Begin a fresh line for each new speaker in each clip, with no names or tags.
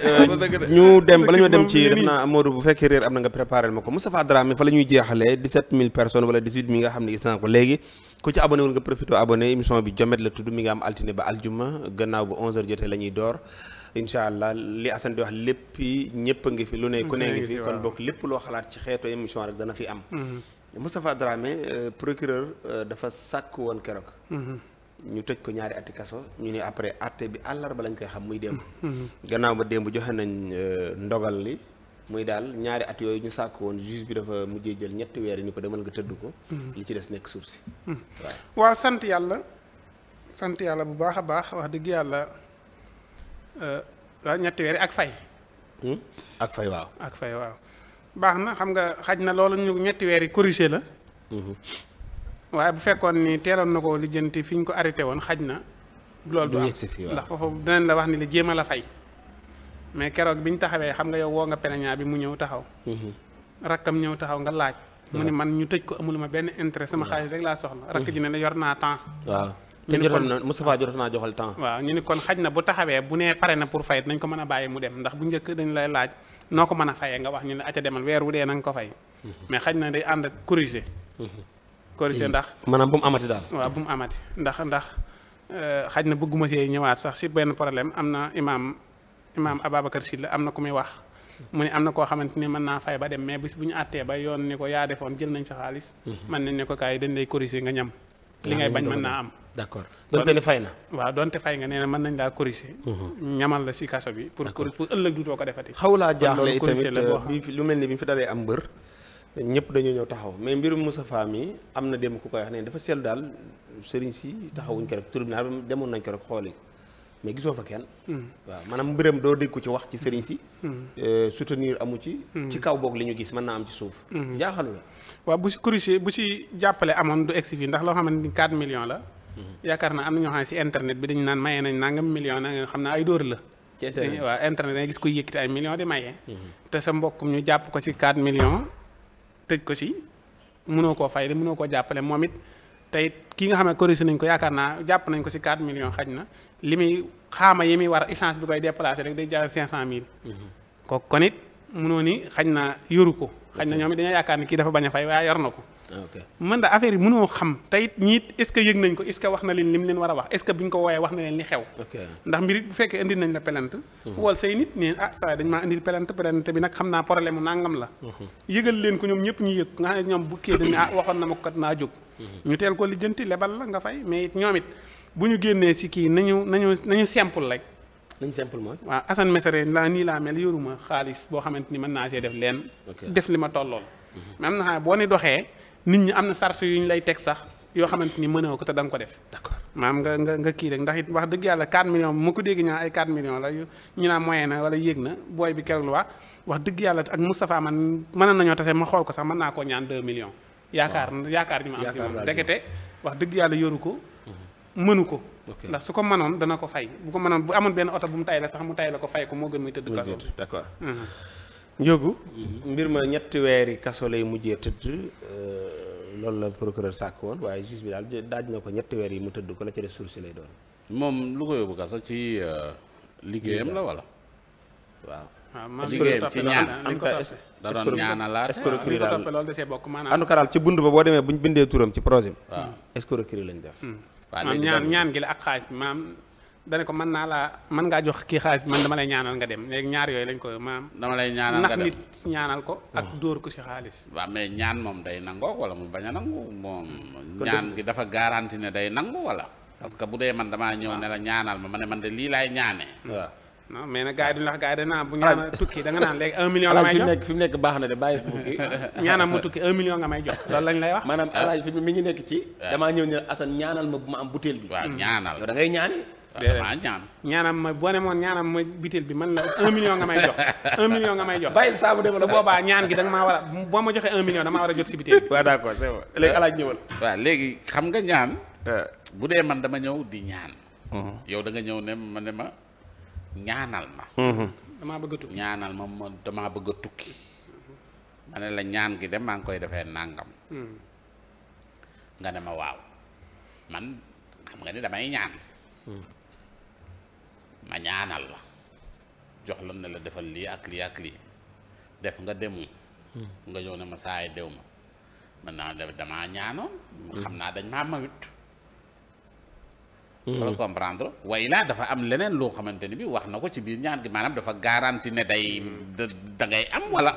Euh, ñu dem bala dem ci def naa Modou bu fekkee réer am na nga préparé ma ko Moustapha Dramé fa la ñuy jeexalee 17000 personnes wala 18000 nga xam ne gis naa ko léegi ku ci abonné wul nga profité abonné émission bi jomet la tudd mi nga am altine ba aljuma gannaaw ba 11h jotee la door incha allah li Assane di wax lépp ñëpp ngi fi lu ne ku ne ngi fi kon bokk lépp loo xalaat ci xeetu émission rek dana fi am mm-hmm. Moustapha Dramé euh, procureur euh, dafa sàkk woon keroog mm-hmm. ñu tëj ko ñaari atti kaso ñu ne après atte bi àllarba lañ koy xam muy démb. Mm-hmm. Mm-hmm. gannaaw ba démb joxe nañ euh, ndogal li muy daal ñaari at yooyu ñu sàkk woon juge bi dafa mujjee jël ñetti weer yi ni ko demal nga tëdd ko. Mm-hmm. li ci des nekk suuf si.
waaw sant yàlla sant yàlla bu baax a baax wax dëgg yàlla euh, ñetti weer ak fay.
Hmm? ak fay
ak fay waaw baax na xam nga xaj na loolu ñu ñetti weer yi corrigé la. waaye bu fekkoon ni teeloon na ko lijjanti fi ñu ko arrêté woon xaj na. loolu du yegg si fii waaw ndax foofu dinañ la wax ni la jéem la fay. mais keroog bi ñu taxawee xam nga yow woo nga peña bi mu ñëw taxaw. Mhm. rakkam ñëw taxaw nga laaj. mu ni man ñu tëj ko amul ma benn intérêt sama xaalis rek laa soxla. rakk ji mhm. ne la yor naa temps. waaw te jotoon na
Moustapha jotoon naa joxal temps.
ñu ni kon xaj na bu taxawee bu nee pare na pour fay nañ ko mën a bàyyi mu dem ndax bu njëkk dañ lay laaj noo ko mën a fayee nga wax ñu ne aca demal weer wu dee na ko fay. Mhm. mais xaj na day ànd ak corriger corrigé ndax maanaam bu mu amati daal waaw bu mu amati ndax ndax euh, xaj na bëgguma see ñëwaat sax si benn problème am na imaam imaam Ababacar Sylla am na ku muy wax mu ne am na koo xamante ni mën naa fay ba dem mais bis bu ñu àttee ba yoon ni ko yaa defoon jël nañ sa xaalis mën mhm. nañ ne ko kaay dañ lay nga ñam ah, li ngay bañ mën naa am donte ne fay na waaw donte fay nga nee na mën nañ laa corrigé mhm. ñamal la si kaso bi pour pour ëllëg du too ko defati xaw laa jaaxle itamit euh,
lu mel ni bi mu fi dalee am mbër ñëpp dañoo ñëw taxaw mais mbirum Moustapha mi am na démb ku koy wax ne dafa seetlu daal sëriñ si taxawuñ ko rek naa demoon nañ ko rek xooli mais gisoo fa kenn. Hmm. waaw maanaam mbiram doo dégg ko ci wax ci
sëriñ si. Hmm. Euh, soutenir amu ci.
Hmm. ci kaw boog li ñu gis mën naa am ci suuf. jaaxalu la.
waaw bu si corrigé bu si jàppale amoon du egsi fii ndax loo xamante ni 4 million la. yaakaar naa am na ñoo xam ne si internet bi dañu naan maye nañ nangam millions nangam xam naa ay dóor la. ci internet waaw gis koy yëkkati ay millions di maye. te sa mbokkum ñu jàpp ko ci 4 millions. tëj ko ci mënoo koo fay munoo koo jàppale moom it tey kii nga xam ne corrigé nañ ko yaakaar naa jàpp nañ ko ci 4 millions xaj na li muy xaama yi muy war essence bi koy déplacé rek day jaral 500000. kooku kon it mënoo ni xaj na yoru ko. xaj na ñoom it dañoo yaakaar ni kii dafa bañ a fay waaye yor na ko. man da affaire yi mënoo xam te it ñiit ce que yëg nañ ko est ce wax na leen lim leen war a wax est ce ñu ko woowee wax na leen li xew ndax mbir it bu fekkee indi nañ la pelante mhm. wal say nit neen ah saa dañ maa indil pelante pelante bi nag xam naa problème mu nangam la mhm. yëgal leen ko ñoom ñëpp ñu yëg nga xam ne ñoom bukkee dañ ah waxoon na ma ko kat naa jóg mhm. ñu teel ko lijjanti lebal la nga fay mais it ñoom it bu ñu génnee si kii nañu nañu nañu simple rek nañ simple mooy waaw Assane Mesere laa nii laa mel yoruma xaalis boo xamante ni mën naa see def leen def li ma tollool mais boo ni doxee nit ñi am na charge yu ñu lay teg sax yoo xamante ni mënoo ko te da nga ko def. d'accord maam nga nga nga kii rek ndax it wax dëgg yàlla 4 millions mu ko dégg ñaa ay 4 millions la yu ñu naan moyen wax wax dëgg yàlla ak Moustapha man mën nañoo tase ma xool ko sax mën naa koo ñaan 2 millions. yaakaar yaakaar ñu ma am ci wax dëgg yàlla yoru ko mhm. mënu ko ndax su ko mënoon dana ko fay bu ko mënoon bu amoon benn oto bu mu tay la sax mu tay la ko fay ko moo gën muy tëdd kaso
njóogu mhm. mbir ma ñetti weeri kaso lay mujjee tëdd euh, loolu la procureur sàkk woon waaye juge bi daal daaj na ko ñettiweer yi mu tëdd ko la ca des
sursis lay doon moom lu ko yóbbu kaso ci euh, liggéeyam la wala waaw
ah, liggéeyam ci ñaan da doon ñaanalaat ah, escroquerie daal en tout
cas daal ci bund ba boo demee buñ bindee turam ci projet bi escroquerie lañ def hmm. waaw ñaan
ñaan gi la ak xaalis bi dana ko mën naa laa mën ngaa jox kii xaalis man dama lay ñaanal nga dem léegi ñaar yooyu lañ koy maam. dama lay ñaanal nga ñaanal ko.
ak mm. dóor ko si xaalis. waaw mais ñaan moom day nangoo wala mu bañ a nangu moom. ñaan gi dafa garanti ne day nangu wala. parce que bu dee man damaa ñëw ne la ñaanal ma ma ne man de lii laay ñaanee. Mm. waaw non mais nag gars yi duñu wax gars yi danaa bu ñaanal tukki da naan léegi un million. la may jox alaaj
fi mu nekk baax na de bàyyi ko tukki ñaanal mu tukki
nga may jox loolu lañ lay wax. maanaam alaaj fi mi ngi nekk ci. damaa ñëw ne Assane ñaanal ma bu ma am butéel bi.
ñaanal yow da ngay ñaani ñaan
ñaanam ma boo ne moon ñaanam ma bitil bi man la un million nga may jox un million nga may jox bàyyil saabu dem la boobaa ñaan gi da nga maa war a boo ma joxee un million damaa war a jot si bitil bi waaw d'accord
c'est léegi xam nga ñaan bu dee man dama ñëw di ñaan mm-hmm. yow da nga ñëw ne ma ne ma ñaanal ma mm-hmm. damaa bëgg a tukki ñaanal ma ma damaa bëgg a ne la ñaan gi dem maa ngi koy defee nàngam mm-hmm. nga ne ma waaw man xam nga ne damay ñaan ma ñaanal la jox la ne la defal lii ak lii ak lii def nga demu hmm. nga ñëw ne ma saay dew ma man naa def damaa ñaanoon hmm. xam naa dañ maa mawit wala hmm. comprendre way laa dafa am leneen loo xamante ni bi wax na ko ci biir ñaan gi maanaam dafa garanti ne day da ngay am wala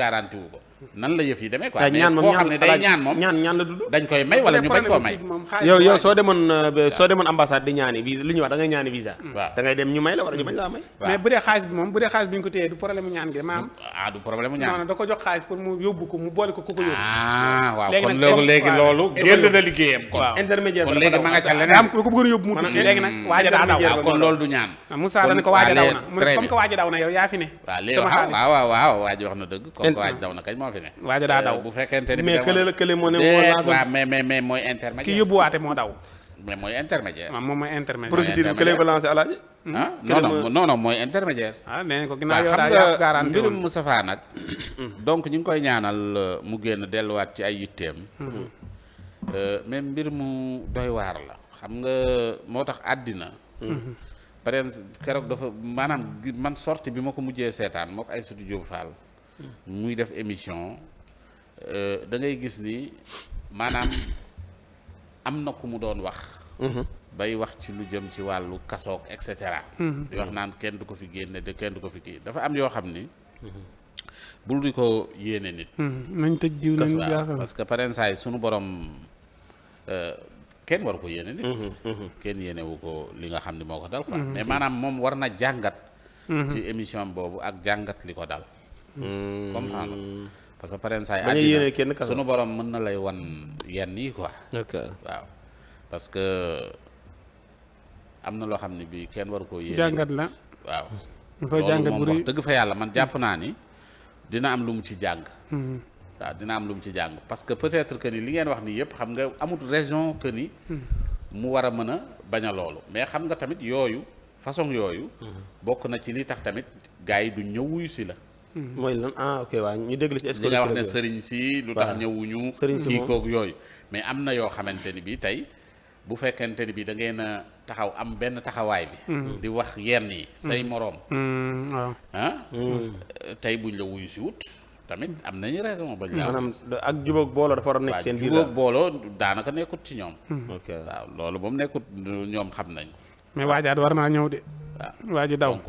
garanti wu ko nan la yëf yi demee quoi mais koo xam ne day ñaan moom ñaan ñaan la dudd dañ koy may wala ñu bañ koo may yow yow soo
demoon euh, soo demoon
ambassade di ñaani visa lu ñuy wax da ngay ñaani visa waaw da ngay dem ñu may la wala ñu bañ laa may mais bu dee xaalis bi moom bu dee xaalis bi ñu ko téyee du problème mu ñaan gi maam ah du problème mu ñaan non da ko jox xaalis pour mu yóbbu ko mu boole ko ku ko yóbbu
ah waaw kon loolu léegi loolu génn na liggéeyam kon
intermédiaire kon léegi ma nga ca leneen am ko ko bëgg a yóbbu mu tukkee léegi nag waaja daa daw kon loolu
du ñaan Moussa dañ ko waaja daw na comme
que waaja daw na yow yaa
fi ne waaw waaw waaw waaji wax na dëgg comme que waaja daw na kañ moo fi ne. waaja daa daw eh, bu fekkente ne. mais kële la kële moo ne moo lancé waaw mais mais mais mooy intermédiaire. ki yóbbuwaate moo daw. mais mooy intermédiaire.
waaw ah, moom mooy intermédiaire. procédure bi kële ko lancé alaaji. ah hmm?
mooy intermédiaire. ah donc ñu ngi koy ñaanal euh, mu génn delluwaat ci ay yitteem. même euh, mbir mu doy la. xam nga moo tax àddina. Hmm. pare keroog dafa maanaam man sorti bi ma ko mujjee seetaan moo ko ay sutu Faal. muy def émission euh, da ngay gis ni maanaam am na ku mu doon wax. Mhm. bay wax ci lu jëm ci wàllu kasoog et cetera. Mhm. di wax naan kenn du ko fi génne de kenn du ko fi kii dafa am yoo xam ni. Mhm. bul di ko yéene nit. nañ tëj diw nañ parce que pareen saa yi borom euh, kenn waru ko yéene kenn yéene ko li nga xam ni moo ko dal maanaam moom war na jàngat. ci émission boobu ak jàngat li ko dal. Mm. comprendre parce que pareen saa yi àddina kenn sunu borom mën na lay wan yenn yi quoi waaw parce que am na loo xam ne bii kenn waru koo yéene jàngat la waaw loolu moom wax dëgg fa yàlla man jàpp naa ni dina am lu mu ci jàng mm-hmm. waaw dina am lu mu ci jàng parce que peut-être que ni li ngeen wax ni yëpp xam nga amut raison que ni mm-hmm. mu war a mën a bañ a loolu mais xam nga tamit yooyu façon yooyu mm-hmm. bokk na ci li tax tamit gars yi du ñëw wuyu si la
mooy lan ah ok waaw ñu déglu ci. li nga wax ne sëriñ si lu tax ñëwuñu. sëriñ si moom
yooyu. mais am na yoo xamante ni bii tey bu fekkente ni bii da ngeen a taxaw am benn taxawaay bi. Hmm. di wax yenn yi say hmm. moroom. Hmm, waaw ah. tey buñ la wuyu si wut. tamit am nañu raison ba ñu. maanaam ak jubóog booloo dafa war a nekk seen. biir booloo daanaka nekkut ci ñoom. waaw loolu moom nekkut ñoom xam nañ ko.
mais waajaat war naa ñëw de. waaw waa daw donc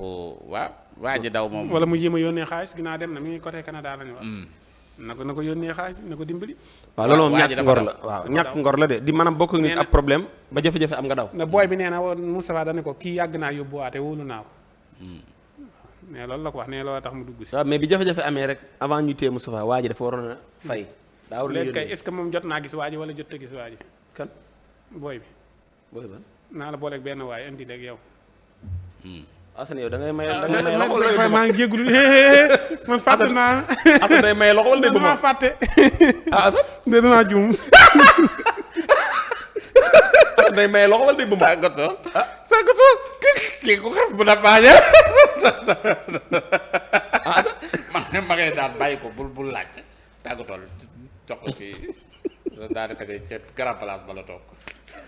waaw waa ji daw moom. wala mu jéem
a yónnee xaalis ginnaaw dem na mu ngi côté Canada la ñu wax. Mm. na ko na ko yónnee xaalis na ko dimbali. waaw loolu moom ñàkk ngor la waaw ñàkk ngor
la de di maanaam bokk nit ab problème ba jafe-jafe am nga daw. na
booy bi nee na Moustapha dana ko kii yàgg naa yóbbuwaate wóolu naa ko. mais mm. loolu la ko wax ne loolu tax mu dugg si.
bi jafe amee rek avant ñu waa ji dafa a fay.
daa ce que moom jot naa gis waa ji wala jot a gis waa booy bi. booy la booleeg benn waay indi léegi yow
Mm. Assane yow da ngay maye ah, da loxo wala maa ngi
jégalu day maye loxo wala day bëgg ma fàtte. ah Assane. déedéet maa juum. Assane day maye loxo wala ah. day bëgg ah, ma.
tàggatoo ah de ma ngay daan toog.